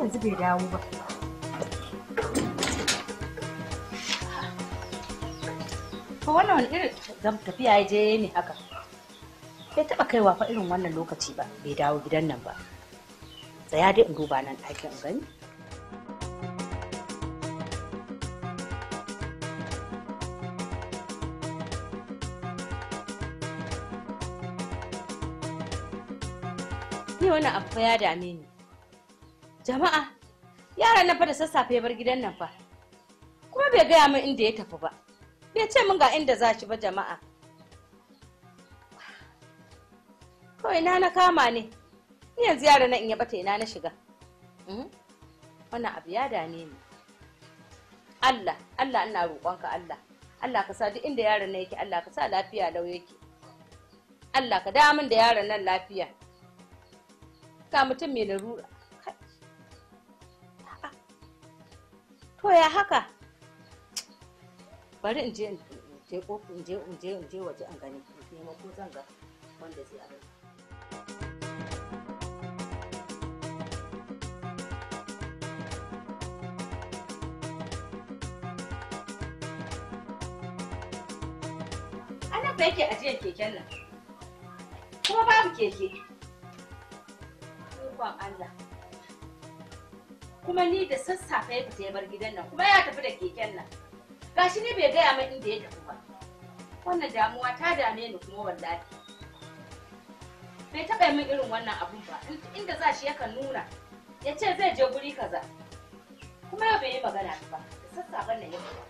yanzu bai dawo ba ko wannan wani irin tafiya ya je ne haka bai taba kaiwa fa irin wannan lokaci ba bai dawo gidan nan ba tsaya dai in duba nan ɗakin in gani ni wani abu ya dame ni Jama'a, yaran nan fa da sassafe ya bar gidan nan fa. Kuma bai gaya min inda ya tafi ba. Bai ce min ga inda za shi ba jama'a. Kawai ina na kama ne. Ni yanzu yaran nan in ya bata ina na shiga. Hmm? Wannan abu ya dane ni. Allah, Allah ina roƙonka Allah. Allah ka sa duk inda yaron nan yake Allah ka sa lafiya lau yake. Allah ka da min da yaron nan lafiya. Ka mutum mai larura. to ya haka bari in je in je kofi in je in je in je waje an gani in nemo ko zan ga wanda zai abin ana ba yake ajiyar keken nan kuma babu keke ikon Allah kuma ni da sassafe ya fita ya bar gidan nan kuma ya tafi da keken nan gashi ne bai gaya min inda ya tafi ba wannan damuwa ta dame ni kuma wallahi bai taɓa min irin wannan abun ba inda za shi yakan nuna ya ce zai je guri kaza kuma ya bai yi magana ba da sassafen nan ya fita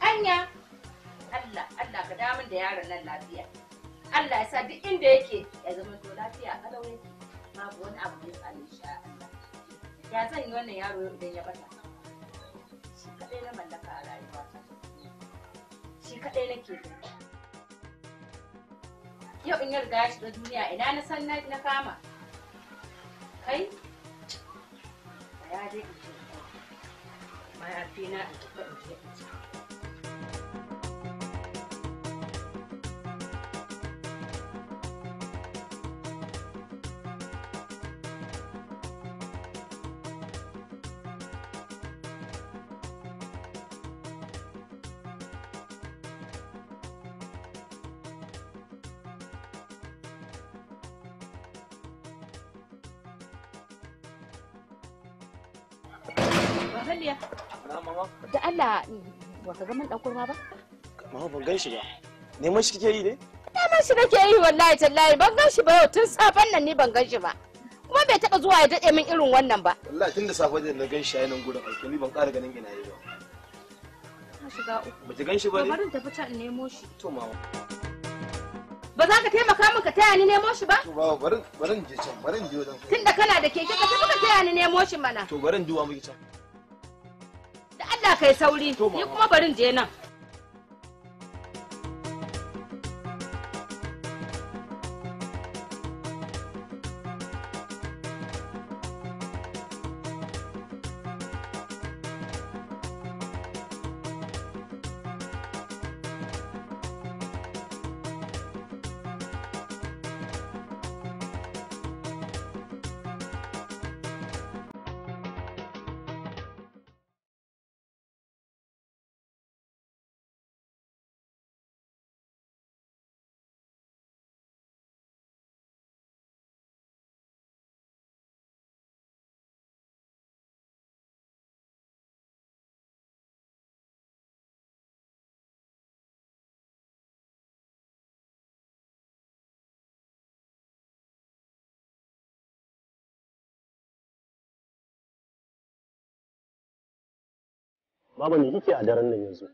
anya Allah Allah ka damun da yaron nan lafiya Allah ya sa duk inda yake ya zama to lafiya a kalau yake babu wani abu da ya insha Allah ya zan yi wannan yaro idan ya bata shi kaɗai na mallaka a rayuwa shi kaɗai na da yau in ya riga ya shiga duniya ina na san na kama kai ya dai in ce mahaifina in tafi in je in Halliya. Da Allah ba ka ga man dan kurma ba? Mama ban gan shi ba. Neman shi kike yi ne? Neman shi nake yi wallahi tallahi ban gan shi ba yau tun safen nan ni ban gan shi ba. Kuma bai taɓa zuwa ya daɗe min irin wannan ba. Wallahi tun da safe da na gan shi a nan gudun aiki ni ban ƙara ganin ina yi ba. Na shiga uku. Ba ta gan shi ba ne? Bari tafi can nemo shi. To mama. ba za ka taimaka min ka taya ni nemo shi ba? To ba barin barin je can barin je wajen. tun da kana da keke ka tafi ka taya ni nemo shi mana. To barin duwa muke can. Allah yi sauri ni kuma barin je nan Baba me kike a daren nan yanzu?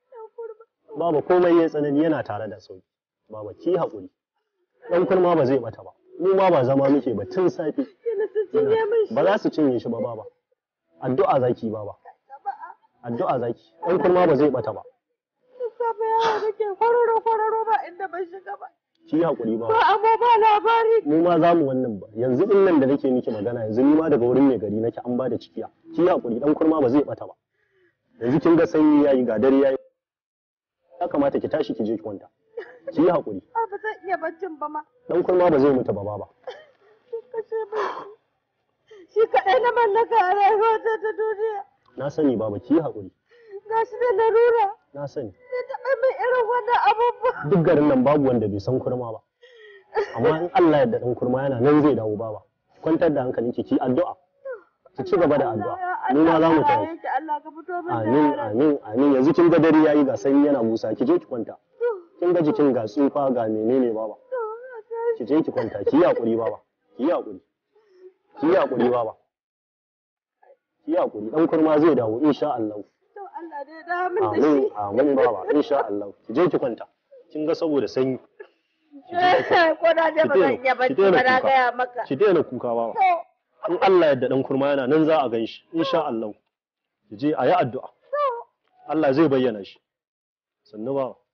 Baba komai ya tsanani yana tare da sauki. Baba ki haƙuri. Dan kulma ba zai bata ba. Mu ma ba zama muke ba tun safe. Ba za su cinye shi ba baba. Addu'a zaki baba. Addu'a zaki. Dan kulma ba zai bata ba. Safe nake ba inda ban shiga ba. Ki haƙuri ba. Ba amma ba labari. Mu ma za mu wannan ba. Yanzu din nan da nake miki magana yanzu ni ma daga wurin mai gari nake an ba da cikiya. Ki haƙuri dan kurma ba zai bata ba. yanzu kin ga sanyi yayi ga dare yayi ya kamata ki tashi ki je ki kwanta ki yi hakuri a ah, ba zan iya baccin ba ma dan kurma ba zai mutu ba ba shi kadai na na a rayuwata ta duniya na sani baba ki yi hakuri ga shi da larura na sani zai taɓa mai irin wannan abubuwa duk garin nan babu wanda bai san kurma ba amma in Allah ya dan kurma yana nan zai dawo baba kwantar da hankalinki ki addu'a ki ci gaba da addu'a mu ma za mu tafi amin amin amin yanzu kin ga dare yayi ga sanyi yana busa ki je ki kwanta kin ga jikin ga tsufa ga menene baba ki je ki kwanta ki yi hakuri baba ki yi hakuri ki yi hakuri baba ki yi hakuri dan kurma zai dawo insha Allah to Allah amin baba insha Allah ki je ki kwanta kin ga saboda sanyi ko da ba zan iya bacci ba na ga maka ki daina kuka baba in Allah yadda ɗan kurma yana nan za a gan shi insha Allah je a yi addu'a Allah zai bayyana shi sannu ba